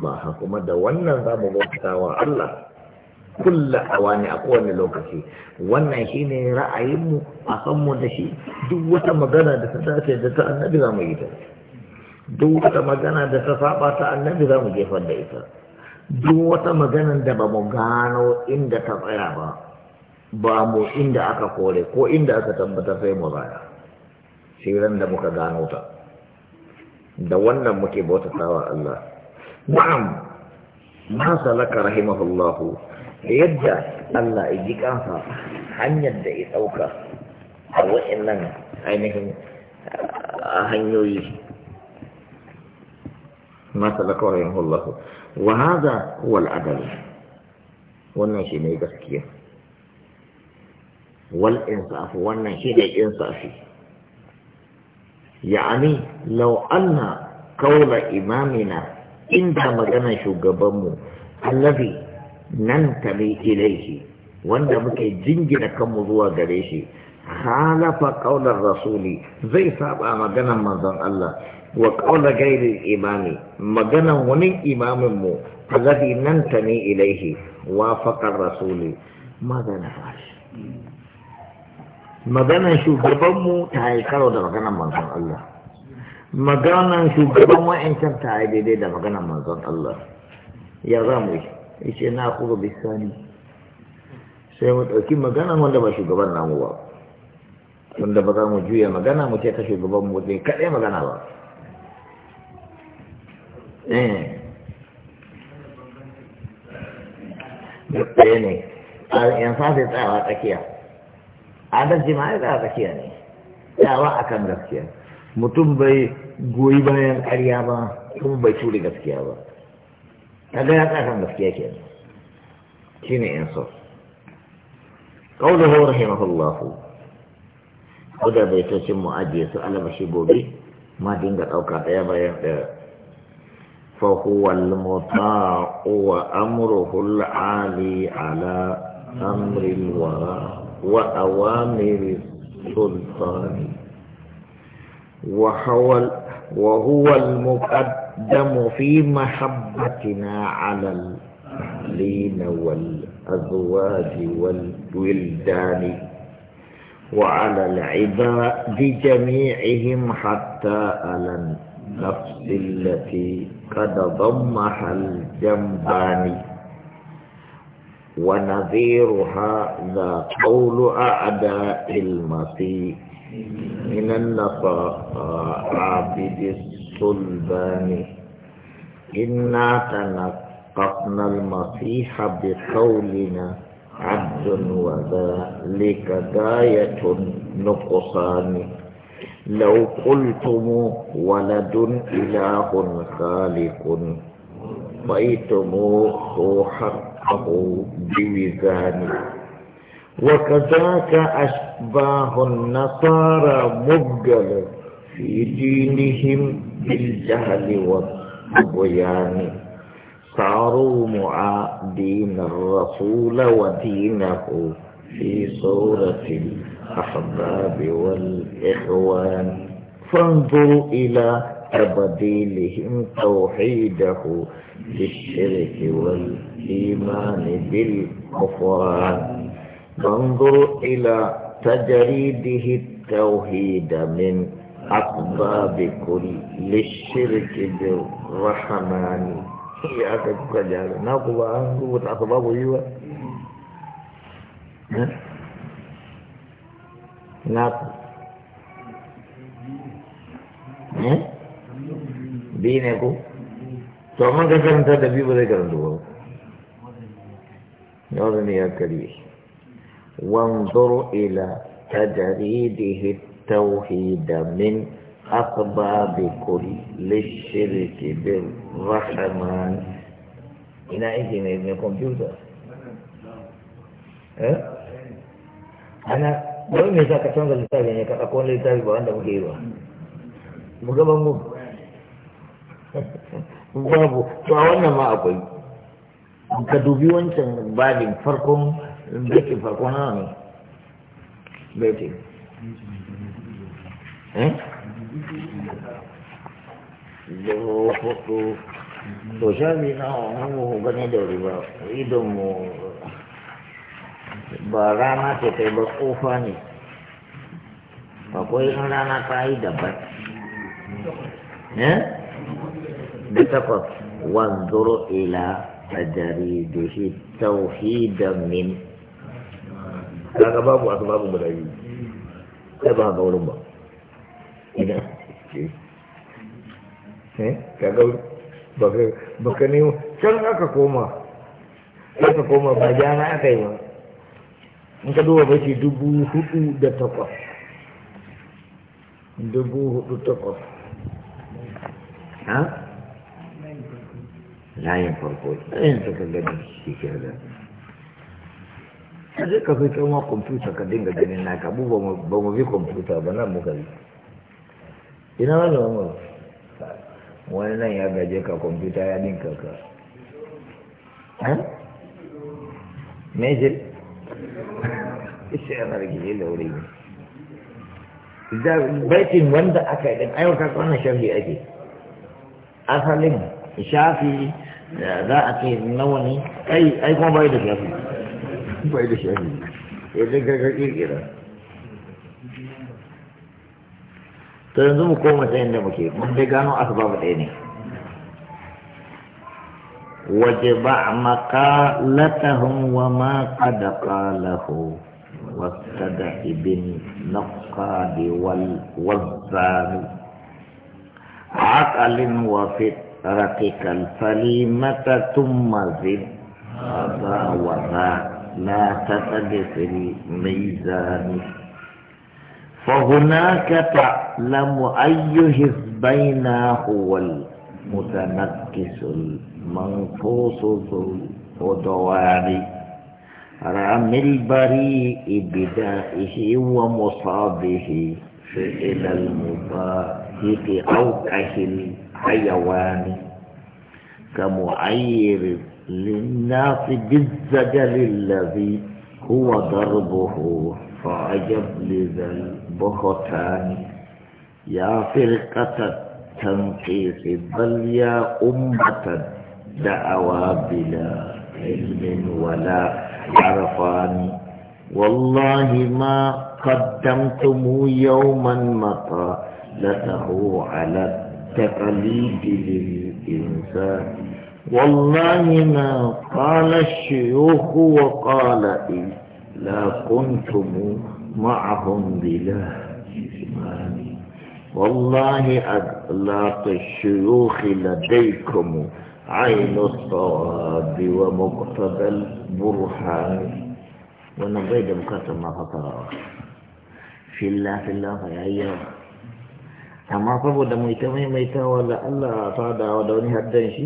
ba kuma da wannan za mu bauta wa Allah kulla awani a kowane lokaci wannan shine ra'ayinmu a san da shi duk wata magana da ta dace da ta annabi za mu yi ta duk wata magana da ta saba ta annabi za mu jefar da ita duk wata magana da ba mu gano inda ta tsaya ba ba mu inda aka kore ko inda aka tabbatar sai mu baya sai da muka gano ta da wannan muke bautawa Allah na'am masa laka rahimahullahu yadda Allah ya ji kansa hanyar da ya dauka a wa'annan ainihin hanyoyi masa laka rahimahullahu wa haza huwa al wannan shi ne gaskiya wal insaf wannan shi ne insafi Ya'ani law anna قول imamina إنها مجانا شجبامو الذي ننتمي إليه وأنا مكي جنجنا كم مضوى قريش خالف قول الرسول زي سابع مجانا مزان الله وقول غير الإمام مجانا هني إمام مو الذي ننتمي إليه وافق الرسول ماذا نفعل مجانا شجبامو تهيكارو ده مجانا مزان الله maganan shugaban wa'ancan ta yi daidai da maganan manzon Allah ya za mu yi ce na kuma bisani sai mu ɗauki maganan wanda ba shugaban namu ba wanda ba za mu juya magana mu ce ta shugaban mu zai kaɗai magana ba eh. ɗaya ne a yansa sai tsayawa tsakiya adalci ma ya tsaya tsakiya ne tsayawa akan gaskiya mutum bai goyi bayan ƙarya ba kuma bai ture gaskiya ba kaga ya tsakan gaskiya ke shine insaf قوله رحمه الله وده بيتوشن مؤجيس على مشيبوبي ما دينك أو كاتيا بيان فهو المطاع وأمره العالي على أمر الورى وأوامر السلطان وهو وهو المقدم في محبتنا على الأهلين والأزواج والولدان وعلى العباد جميعهم حتى على النفس التي قد ضمها الجنبان ونذيرها ذا قول أعداء المسيح من النصارى عابد الصلبان إنا تنقصنا المسيح بقولنا عبد وذلك غاية نقصان لو قلتم ولد إله خالق رأيتموه حق حقه بوزانه وكذاك أشباه النصارى مبجل في دينهم بالجهل والطغيان صاروا معادين الرسول ودينه في صورة الأحباب والإخوان فانظروا إلى تبديلهم توحيده للشرك والإيمان بالكفران فانظر إلى تجريده التوحيد من أسباب كل للشرك بالرحمن يا كجال نقوى أنقوى أسباب يوى نقوى 嗯。bi ne ko to amma ka karanta da bi ba zai karanta ba yawon ne ya karye wanzur ila tajridihi التوحيد من أسباب كل الشرك بالرحمن ina aiki ne mai kwamfuta eh? ana wani mai sa ka canza littafi ne ka ɗauko littafi ba wanda muke yi ba mu gaban mu babu to a wannan ma akwai ka dubi wancan babin farkon beki farkon nawa ne beki da hudu to sha biyu na hannu gane da wuri ba idon mu ba rana ce kai ba kofa ne akwai rana ta yi daban eh da takwas wanzuru ila tajridihi tauhidan min kaga babu guda biyu ba ga wurin ba idan eh kaga baka baka ne can aka koma aka koma ba jana aka yi ba in ka duba bashi dubu hudu da takwas dubu hudu takwas ha layin farko layin suka gani shi ke da a zai kafin kama kwamfuta ka dinga ganin na kabu ba mu bi kwamfuta ba nan muka bi ina wani wani wani nan ya gaje ka kwamfuta ya dinka ka mejil ishe yana da gile da baitin wanda aka yi ɗin ayyuka kwanan shafi ake asalin shafi za a ce nawa ne ai kuma bai da shafi bai da shafi ya zai gagar kirkira to yanzu mu koma ta muke mun dai gano ɗaya ne waje ba maka latahun wa ma kada kalahu wasta da ibin wazzani رقيقا فليمة ثم زد هذا وذا لا تتدف الميزان فهناك تعلم أي حزبين هو المتنكس المنفوس ذو الهدوان رام البريء بدائه ومصابه فعل المباهي أو كهل حيوان كمعير للناس بالزجل الذي هو ضربه فعجب لذا البختان يا فرقة التنقيص بل يا أمة دعوى بلا علم ولا عرفان والله ما قدمتم يوما مطى لته على تقليد للإنسان والله ما قال الشيوخ وقال إيه لا كنتم معهم بلا إيمان والله أدلاط الشيوخ لديكم عين الصواب ومقتضى البرهان ونبيد مكتب ما خطر في الله في الله يا أيها amma saboda mai ta maimaitawa da Allah ta dawa da wani haddan shi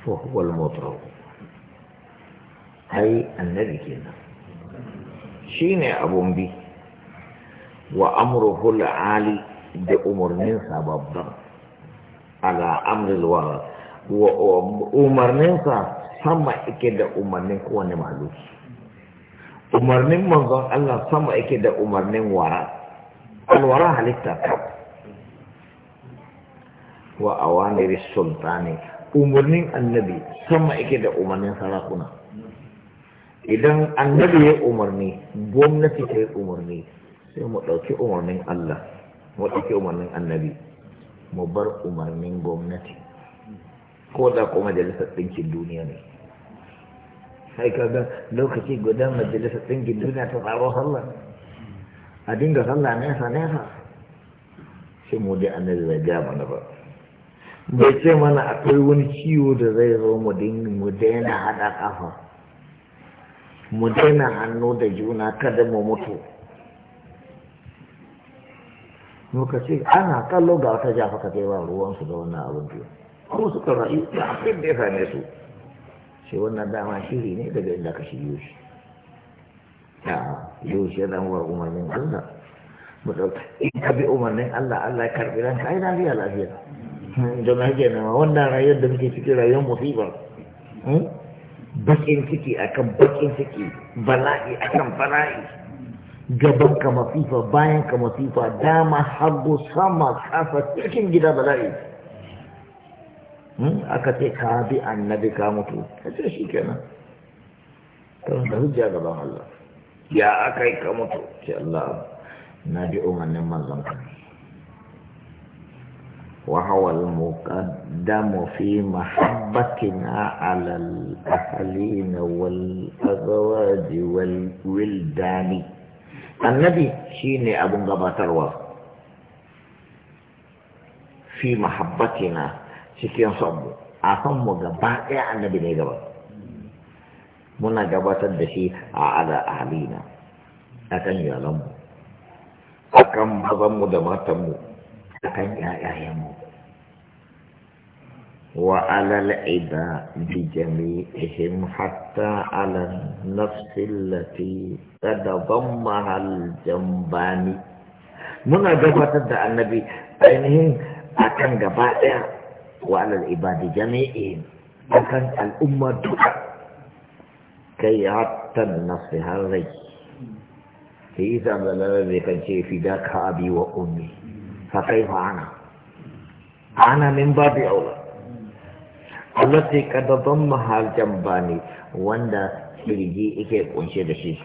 fuhuwal motar ai annabi kenan shi ne abun bi wa amurhul ali da umarnin babban ala amril wa sa sama ike da umarnin kowane mahaluki umarnin manzon Allah sama ike da umarnin wara alwara halitta wa awamiri sultani umarnin annabi sama yake da umarnin sarakuna idan annabi ya umarni gwamnati ta yi umarni sai mu ɗauki umarnin Allah mu ɗauki umarnin annabi mu bar umarnin gwamnati ko da kuma majalisar ɗinkin duniya ne sai ga lokaci guda majalisar ɗinkin duniya ta tsaro Allah. a dinga sallah nesa nesa sai mu dai annabi bai gaya mana ba bai ce mana akwai wani ciwo da zai zo mu mu daina haɗa ƙafa mu daina hannu da juna kada mu mutu muka ce ana kallo ga wata jafa ka kai ba ruwansu da wannan abin biyu kuma suka rayu da abin da ya same su sai wannan dama shiri ne daga inda ka shiryo shi ya yaushe zan wa umarnin Allah mu dauka uh, in ka bi umarnin Allah Allah ya karbi hmm, ranka ai lafiya lafiya don hake na wannan rayuwar da muke ciki rayuwar musibar hmm? bakin ciki akan bakin ciki bala'i akan bala'i gaban ka masifa bayan ka masifa dama hagu sama kafa cikin gida bala'i hmm? aka ce ka bi annabi ka mutu ka ce shi kenan kan da hujja gaban Allah ya aka yi ka mutu ce Allah na ji umarnin manzon ka wa hawa al-muqaddamu fi mahabbatina ala al-ahlin wal azwaj wal wildani annabi shine abun gabatarwa fi mahabbatina cikin sabu a san mu gaba ɗaya annabi ne gaba muna gabatar da shi a ala ahalina a kan yalanmu a kan mazanmu da matanmu a kan yayayenmu wa alal ida bi jami'ihim hatta ala nafsi tada ban mahal jambani muna gabatar da annabi ainihin a kan gaba daya wa alal ibadi a kan al'umma duka كي عطا النص هذي في إذا الذي كان شيء في ذاك أبي وأمي فكيف أنا أنا من باب أولى التي قد ضمها الجنباني وندا إكي إكيب أنشد شيء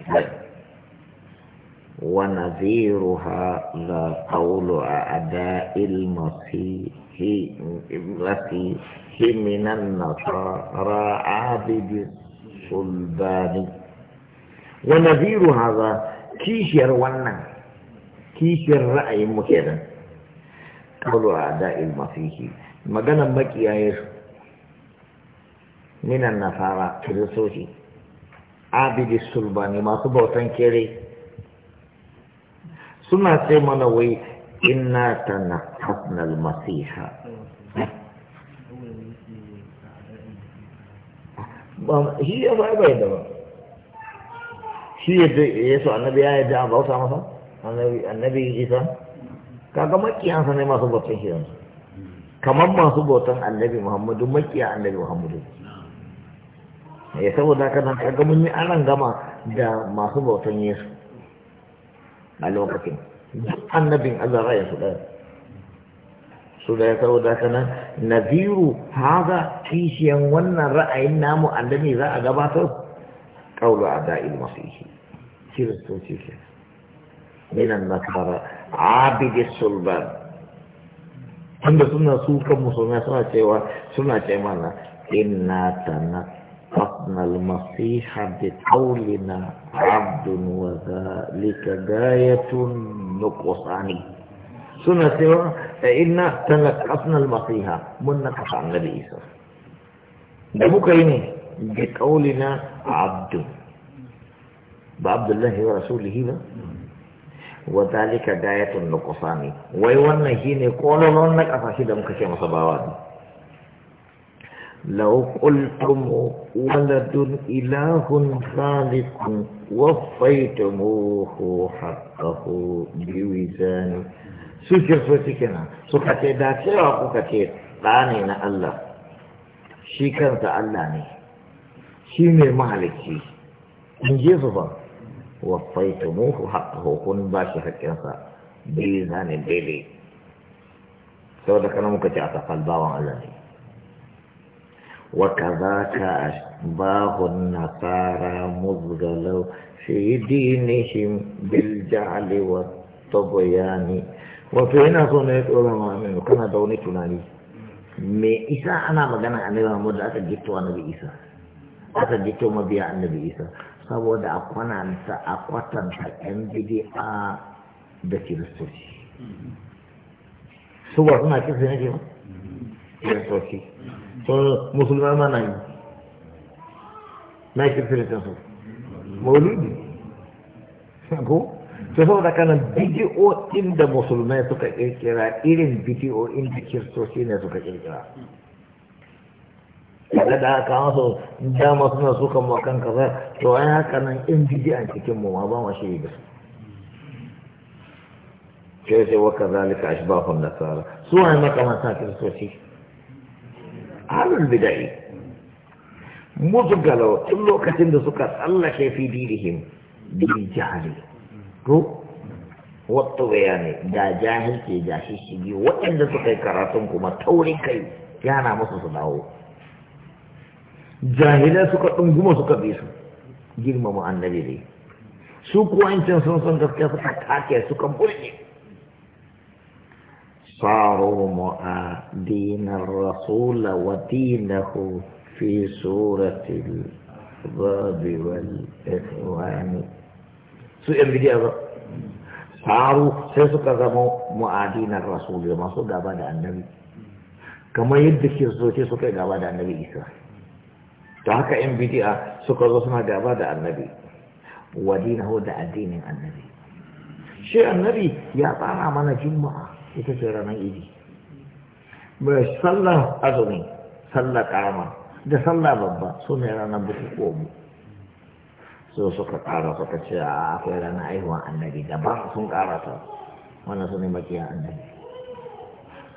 ونذيرها لا قول أعداء المسيح التي من النصارى عابد sulbani wani biru haza kishiyar wannan kishiyar ra'ayin muke da kawo a da'il mafihi maganan makiyaye minan nasara kirisoshi abidi sulbani masu bautan kere suna sai mana wai inna ta na hasnal masiha shi ya sa bai da ba shi yadda yesu annabi ya yadda a bauta masa annabi isa kaga makiyansa ne masu bautan shi yanzu kamar masu bautan annabi muhammadu makiya annabi muhammadu ya eh, saboda haka nan kaga mun yi aran gama da masu bautan yesu a lokacin annabin allah ra'ayin su ɗaya su da ya saboda haka nan naziru haza kishiyan wannan ra'ayin namu annabi za a gabatar a qawlu ada'il masihi kiristoci ke minan nasara abidi sulban tunda suna su kan musulmai suna cewa suna ce mana inna tanaqasna masu masiha bi qawlina abdun wa zalika gayatun nuqsani سنة سوى فإن تنقصنا المسيح من نقص عن نبي إيسا دمو كيني بقولنا عبد بعبد الله ورسوله هنا وذلك داية النقصان ويوانا هنا قولوا لنا نقص مكشي مصباوات لو قلتم ولد إله خالق وفيتموه حقه بوزانه su kiristoci kenan suka ce da cewa kuka ce ɗa ne na Allah shi kansa Allah ne shi ne mahalicci Kun je su ba wafaitu muku haƙƙahu kun ba shi haƙƙinsa bai zane daidai sau da kanan muka ce a safal bawan Allah ne wa kazaka ashbahun nasara muzgalau fi dinihim bil ja'li wa tabayani wato yana so ne tsoron ma'amin kana da wani tunani me isa ana magana annabi Muhammad da aka gito annabi Isa aka gito mabiya annabi Isa saboda a kwananta a kwatanta yan bid'a da kiristoci su ba suna kirsi ne ba kiristoci to musulman ma na yi na kirsi ne su maulidi ko to saboda kana bidiyoyin da musulmai suka ƙirƙira irin bidiyoyin da kiristoci ne suka ƙirƙira. kaga da aka masu dama suna sukan kan kaza to ai haka nan in bidiyan cikin mu ma ba ma shi da sai sai wa kazalika na tsara. su ai makamantan kiristoci halin bidai mutu galau tun lokacin da suka tsallake fi dinihim bin jahili ko wato bayani da jahilci da shishigi waɗanda suka yi karatun kuma taurin kai yana musu su dawo jahilai suka ɗunguma suka bi su girmama annabi dai su kuwa yancin sun san gaskiya suka take suka burge صاروا معادين الرسول ودينه في سورة الباب والإخوان su yan bidiyar faru sai suka zama mu'adinan rasul masu gaba da annabi kamar yadda ke ke suka yi gaba da annabi isa ta haka yan bidiya suka zo suna gaba da annabi ho da addinin annabi shi annabi ya tsara mana juma'a ita ce ranar idi Mai sallar azumi sallar karama da sallar babba su ne ranar bukukuwa so suka ƙara suka ce a akwai ranar haihuwan annabi daban sun ƙara ta wannan su ne makiya annabi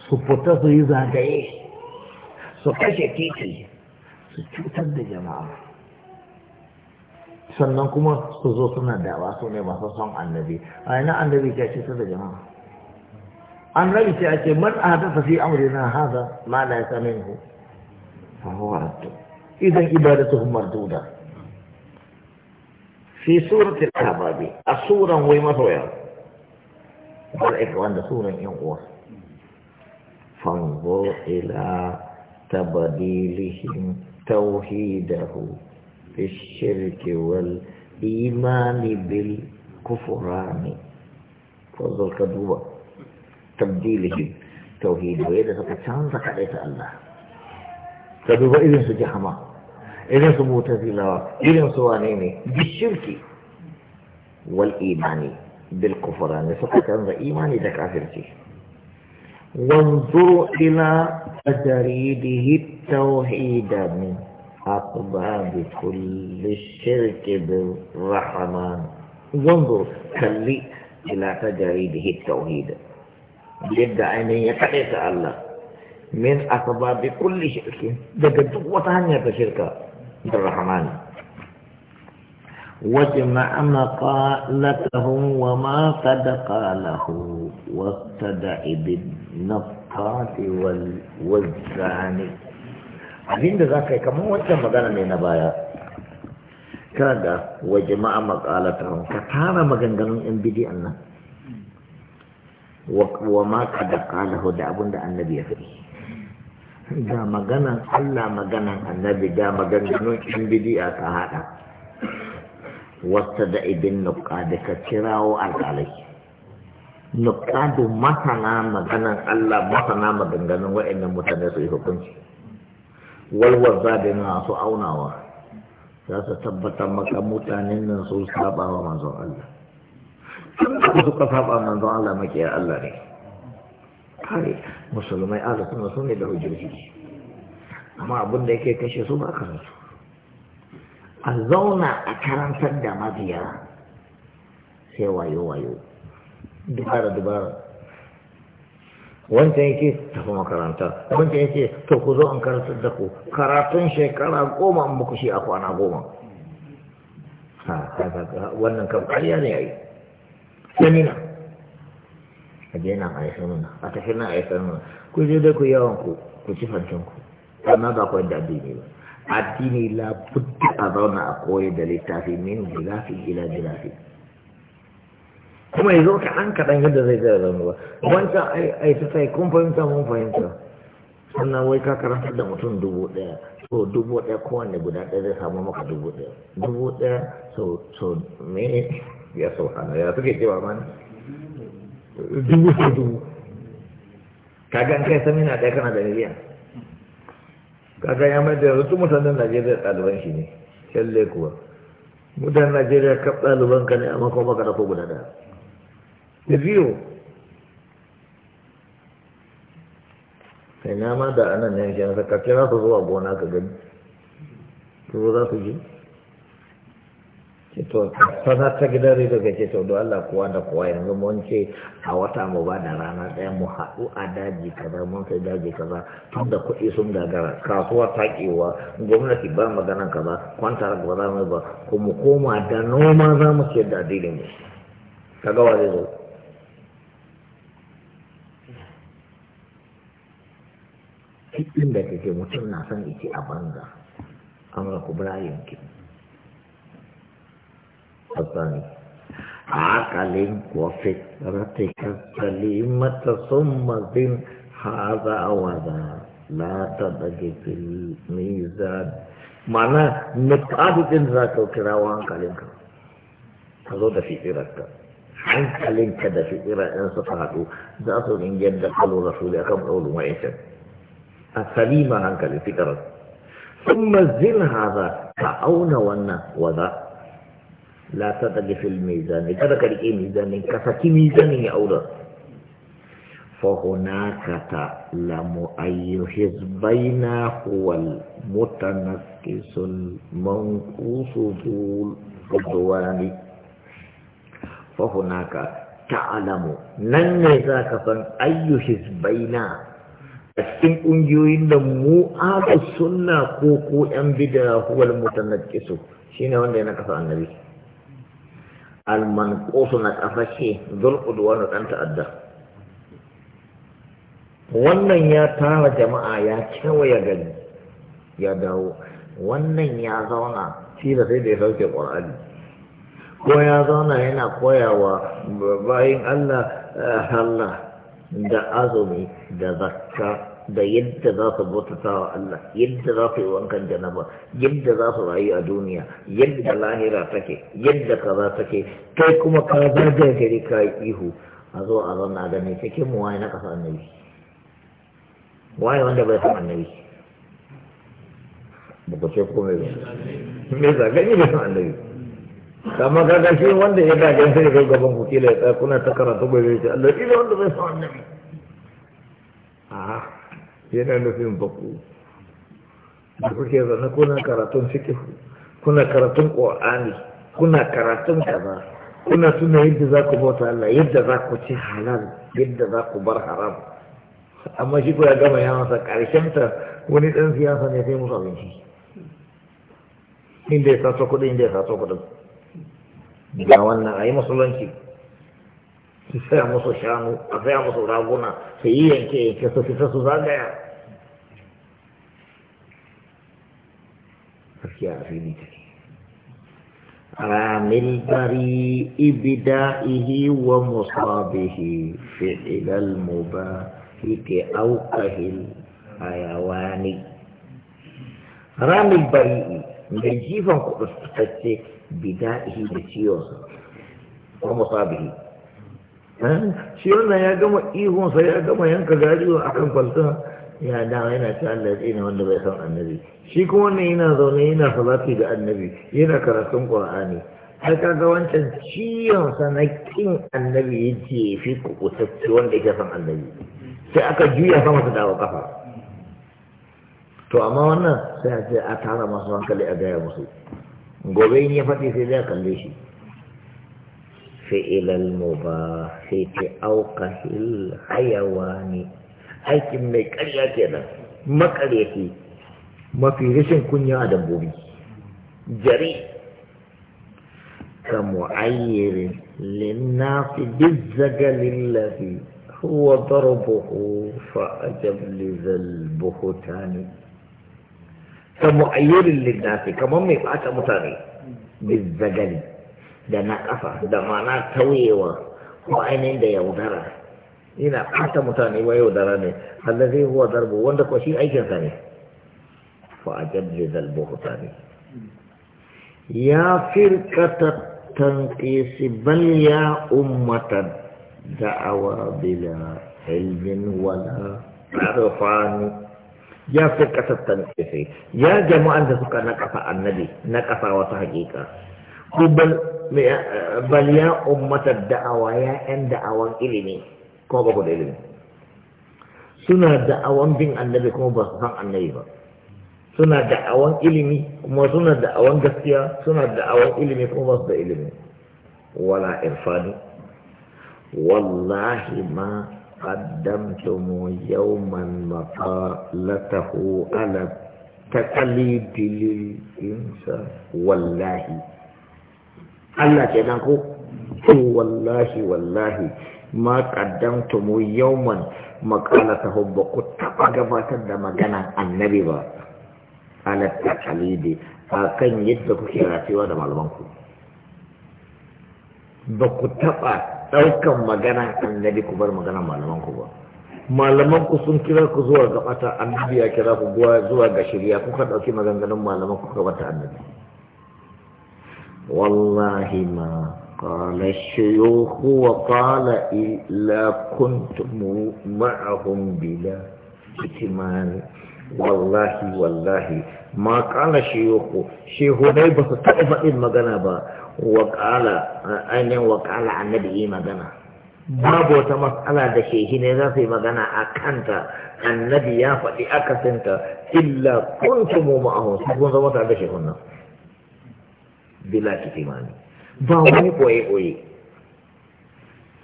su fita su yi zagaye su kashe titi su cutar da jama'a sannan kuma su zo suna ba su ne masu son annabi a yana annabi ke cutar da jama'a annabi ce ake man a tafi fi na haza ma la yasaminhu fa huwa idan ibadatuhum marduda في سورة الأحزاب السورة وما سويا والإخوان إيه سورة ينقوى فانظر إلى تبديلهم توحيده في الشرك والإيمان بالكفران فانظر كذوبة تبديلهم توحيده إذا تكتشان زكاة الله كدوبة إذن سجحمه إذن ثبوت الله سوى سوانيني بالشرك والإيمان بالكفران يعني فقط أنظر إيماني تكافرتي وانظروا إلى تجريده التوحيد من أقباب كل الشرك بالرحمن وانظر خلي إلى تجريده التوحيد جد عيني يتحيث الله من أقباب كل شرك ده قد وطهن يتشركه الرحمن وجمع مقالتهم وما قد قاله واقتدع بالنقاط والوزان abinda za ka yi kamar wancan magana ne na baya kada wa jama'a makalata ka tara maganganun yan bidiyan nan wa ma da annabi ya faɗi ga maganan Allah maganan annabi ga maganganun yan bidi'a ta haɗa wasta da ibin nuka ka kirawo alƙalai nukadu masana maganan Allah masana maganganun wa'annan mutane su hukunci walwaza da na su aunawa za su tabbatar maka mutanen nan su saba wa manzon Allah suka saba manzon Allah makiyar Allah ne kare musulmai arzikuna su ne da hujjoji amma abin da yake kashe su ba karatu a zauna a karantar da mabiya sai wayo-wayo dubara-dubara wancan yake tafi makaranta wancan yake to ku zo an karantar da ku karatun shekara goma an muku shi a kwana goma wannan kan ƙarya ne ya yi semina a je nan a yi sanuna a tafi nan a yi ku je dai ku yawon ku ku ci fancin ku amma ba ku yadda addini ba addini la budda a zauna a koyi da littafi min jirafi ila jirafi kuma yanzu kaɗan kaɗan yadda zai zai zama ba wancan ai ta sai kun fahimta mun fahimta sannan wai ka karanta da mutum dubu ɗaya so dubu ɗaya kowanne guda ɗaya zai samu maka dubu ɗaya dubu ɗaya so so me ya sauka na ya suke cewa mana dubu sai dubu kaga an sami na ɗaya kana da miliyan kaga ya mai da yanzu mutanen najeriya ɗaliban shi ne kyalle kuwa mutanen najeriya kaf ɗaliban ka ne amma kuma baka da ko guda ɗaya da biyu kai na ma da anan ne shi na saka kira su zuwa gona ka gani to za su ji. to sana ta gidan rido ga ce don Allah kuwa da kuwa yanzu mun ce a wata mu ba da rana ɗaya mu haɗu a daji kaza mun kai daji kaza tun da kuɗi sun gagara kasuwa ta kewa gwamnati ba maganan kaza kwanta ba za mu ba kuma koma da noma za mu ce da dalilin mu ga wa zai zo kiɗin da kake mutum na san ice a banza amurka الثاني عقل وفكرتك السليمة ثم زن هذا وذا لا تبغي في الميزان معناه مقعد إن ذاك وكراوان كلمك هذا في إيرانك hankalinka da fi'ira'in su haɗu za su in yadda kalu rasuli akan kaulu ma'aikata a salima hankalin fitarar sun mazin haza ka auna wannan waza لا تضل في الميزان هذا كان إيه ميزان كفاكي ميزان يا أولا فهناك تعلم أي حزبين هو المتنكس المنقوص ذو الفضوان فهناك تعلم ننزاك فان أي حزبين أسكن أنجوين مو آب السنة كوكو أنبدا هو المتنكس شين هون دينا كفا النبي almanƙosu na ce, zulƙuduwa na ɗan ta'adda wannan ya tara jama'a ya kewaye gani ya dawo wannan ya zauna shi da sai da ya sauke ƙwar'ani ko ya zauna yana koyawa bayan allah eh, Allah da azumi da zakka da yadda za su bautata wa Allah yadda za su yi wankan janaba yadda za su rayu a duniya yadda lahira take yadda kaza take kai kuma ka zarga gari ka yi ihu a zo a zauna gani cikin mu waye na kasa annabi waye wanda bai san annabi ba ku ce komai ba me za gani bai san annabi kama kaga shi wanda ya gajen sai ga gaban ku kila ya tsaya kuna ta karatu bai zai ce Allah ila wanda bai san annabi a'a yana nufin baku da kuke zana kuna karatun fikihu kuna karatun ƙwa'ani kuna karatun kaza kuna tuna yadda za ku bauta Allah yadda za ku ci halal yadda za ku bar haram amma shi ko ya gama ya masa ƙarshen ta wani ɗan siyasa ne sai musu abinci inda ya sato kuɗi inda ya sato kuɗin ga wannan a yi musulunci sai a musu shanu a saya musu raguna sai yi yanke yanke su fita su zagaya gaskiya a fili take min bari ibida ihi wa musabihi fi ilal muba fi ke aukahil ayawani ramin bari da jifan kuɗi tsaye bida ihi da ciwon eh, nan ya gama ihunsa ya gama yanka gajiyo akan kan kwalta يا دعينا تعلق إنا وانا بيثون النبي شكونا إنا ظنينا صلاتي بأ النبي ينا كرسون قرآني حتى قوان تنشيهم سنكين النبي يجي فيك وستسوان إجا سمع النبي سأكا جوية سمع سدا وقفا تو أما وانا سأتعنا مصران كالي أدايا مصير قبيني فاتي سيدا كالليشي فإلى المباحث أوقه الحيواني aikin mai karya kenan makaryaci mafi rashin kunya a dabbobi jari ka mu'ayyirin linnafi dizzaga lillafi huwa darbuhu fa a ajabli zalbuhutani ka mu'ayyirin linnafi kamar mai bata mutane zagali. da na kafa da ma'ana tauyewa ko ainihin da yaudara ina ɓata mutane wa yau da rane zai huwa zarbo wanda ko shi aikin sa ne fa ajadda zal buhtani ya firqata tanqis bal ya ummata da'awa bila ilmin wala arfani ya firqata tanqis ya jama'an da suka kafa annabi kafa wata hakika ku bal ya ummata da'awa ya yan da'awan ilimi ko ba ko da ilimi suna awan bin annabi kuma ba su san annabi ba suna da awan ilimi kuma suna da awan gaskiya suna da awan ilimi kuma ba su da ilimi wala irfani wallahi ma قدمتم يوما مقالته على التقليد للإنسان والله الله كده هو والله والله ma qaddamtumu yawman maqalata hubba ku taɓa gabatar da maganan annabi ba ala taqalidi kan yadda kuke rayuwa da malamanku ba ku taɓa daukan maganan annabi ku bar maganan malamanku ba malaman ku sun kira ku zuwa ga bata annabi ya kira ku zuwa ga shirya kuka dauki maganganun malaman ku bata annabi wallahi ma قال الشيوخ وقال إلا كنتم معهم بلا اتمان والله والله ما قال الشيوخ شيخ نيبة طائفة إذ مغنى وقال أين وقال عن نبي إيه مغنى ما تمس على دشي هنا مغنى أكانتا النبي يافتي أكسنتا إلا كنتم معهم سيكون زمان على دشي بلا اتمان ba wani koye-koye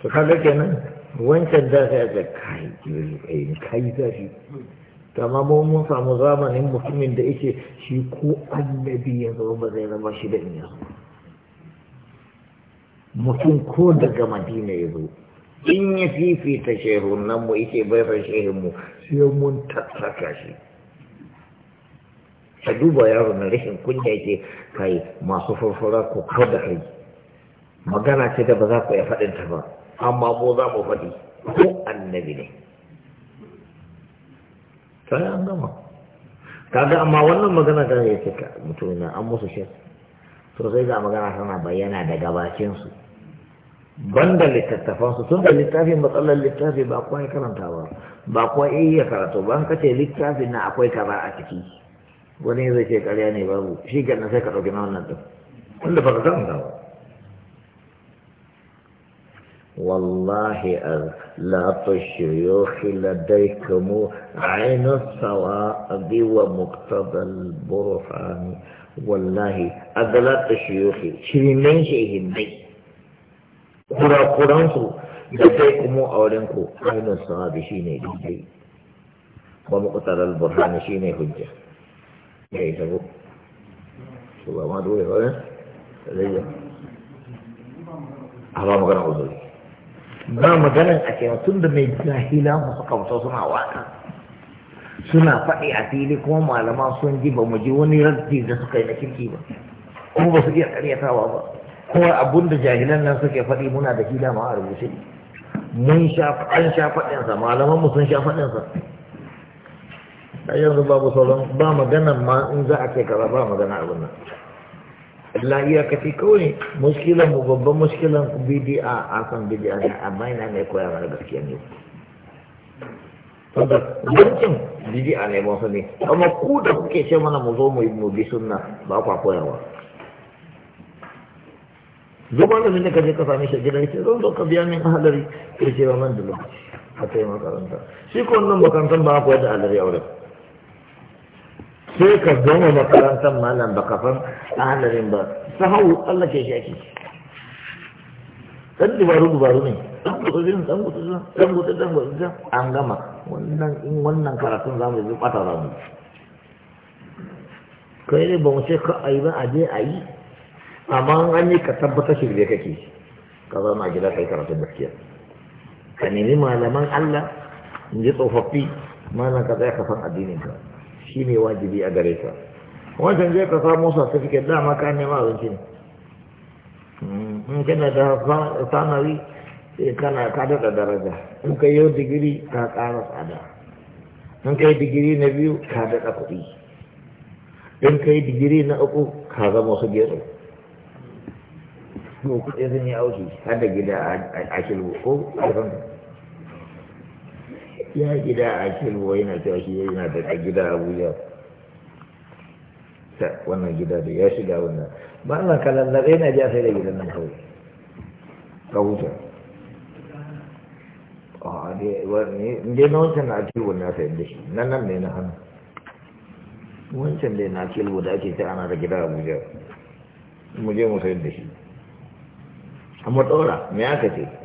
to kaga kenan wancan da sai ga kai eh, eh, kai kai kama mu mun samu zamanin mutumin da yake shi ko annabi ya zama ba zai zama shi da iya mutum ko daga madina ya zo in ya fifita shehun nan mu yake baifan shehun mu sai mun tattaka shi ka duba yaro na rashin kunya yake kai masu farfara ko kada kai magana ce da ba za ku iya faɗin ta ba amma mu za mu faɗi ko annabi ne sai an gama kaga amma wannan magana da ya ce mutum na an musu shi to sai ga magana tana bayyana daga bakin su banda littattafan su tun da littafi matsalar littafi ba kuwa ya karanta ba ba kuwa iya karatu ba ka ce littafi na akwai kaza a ciki wani zai ce karya ne babu shi ga sai ka ɗauki na wannan ɗin wanda ba ka karanta ba والله لا الشيوخ لديكم عين الصواب ومقتضى البرهان والله أذلات الشيوخ شرين شيء هندي قرى قرانكو لديكم أولنكو عين الصواب شيني هندي ومقتضى البرهان شيني هجة إيه ليس هو شو ما دولي إيه؟ هو إيه؟ ليس أبا مغنى أزولي ba magana a cewa tun da mai jahila mu kamta suna waka suna faɗi a fili kuma malama sun ji ba mu ji wani raddi da suka yi na kirki ba kuma ba su iya karyatawa ba kuma abun da jahilan nan suke faɗi muna da hila ma a rubuce mun sha an sha faɗinsa malaman mu sun sha faɗinsa a yanzu babu sauran ba magana ma in za a ce kaza ba magana abin nan la kafi kawai muskilan mu babban muskilan bidi'a a kan bidi'a ne amma ina mai koya mana gaskiya ne wanda yankin bidi'a ne ba su ne amma ku da kuke ce mana mu zo mu yi mu bi sunna ba kwa koyawa zuba da ne kaje ka sami shi gidan ce zan zo ka biya min ahalari ke ce ba man da lokaci a kai makaranta shi ko wannan makarantar ba ku da alari a wurin sai ka gama makarantar malam baka san halarin ba sahau tsallake shi ake ɗan dubaru dubaru ne ɗan gutsurin ɗan gutsurin ɗan an gama wannan in wannan karatun za mu yi bata za mu kai ne ba mu ce ka ayi ba a je a yi amma an yi ka tabbatar shi da kake ka zama a gida kai karatun gaskiya ka nemi malaman Allah in ji tsofaffi malam ka tsaya kafan addinin ka shi ne wajibi a gare ka wancan je ka samu certificate dama ka nema abinci ne hmm, in kana da sanari eh, kana ka daɗa daraja in ka yi digiri ka ƙara tsada in ka yi digiri na biyu ka daɗa kuɗi in ka yi digiri na uku ka zama wasu gero kuɗi sun yi auki har da gida a shirgu ko a ya gida a kilwa yana cewa shi yana daga gida abuja wannan gida da ya shiga wannan ba ana kalan na na ja sai da gidan nan kawai ka wuce a ne na wancan na akilwa na sayar da shi nan nan ne na hannu wancan da na akilwa da ake ta ana da gida abuja mu je mu sayar da shi amma ɗora me aka ce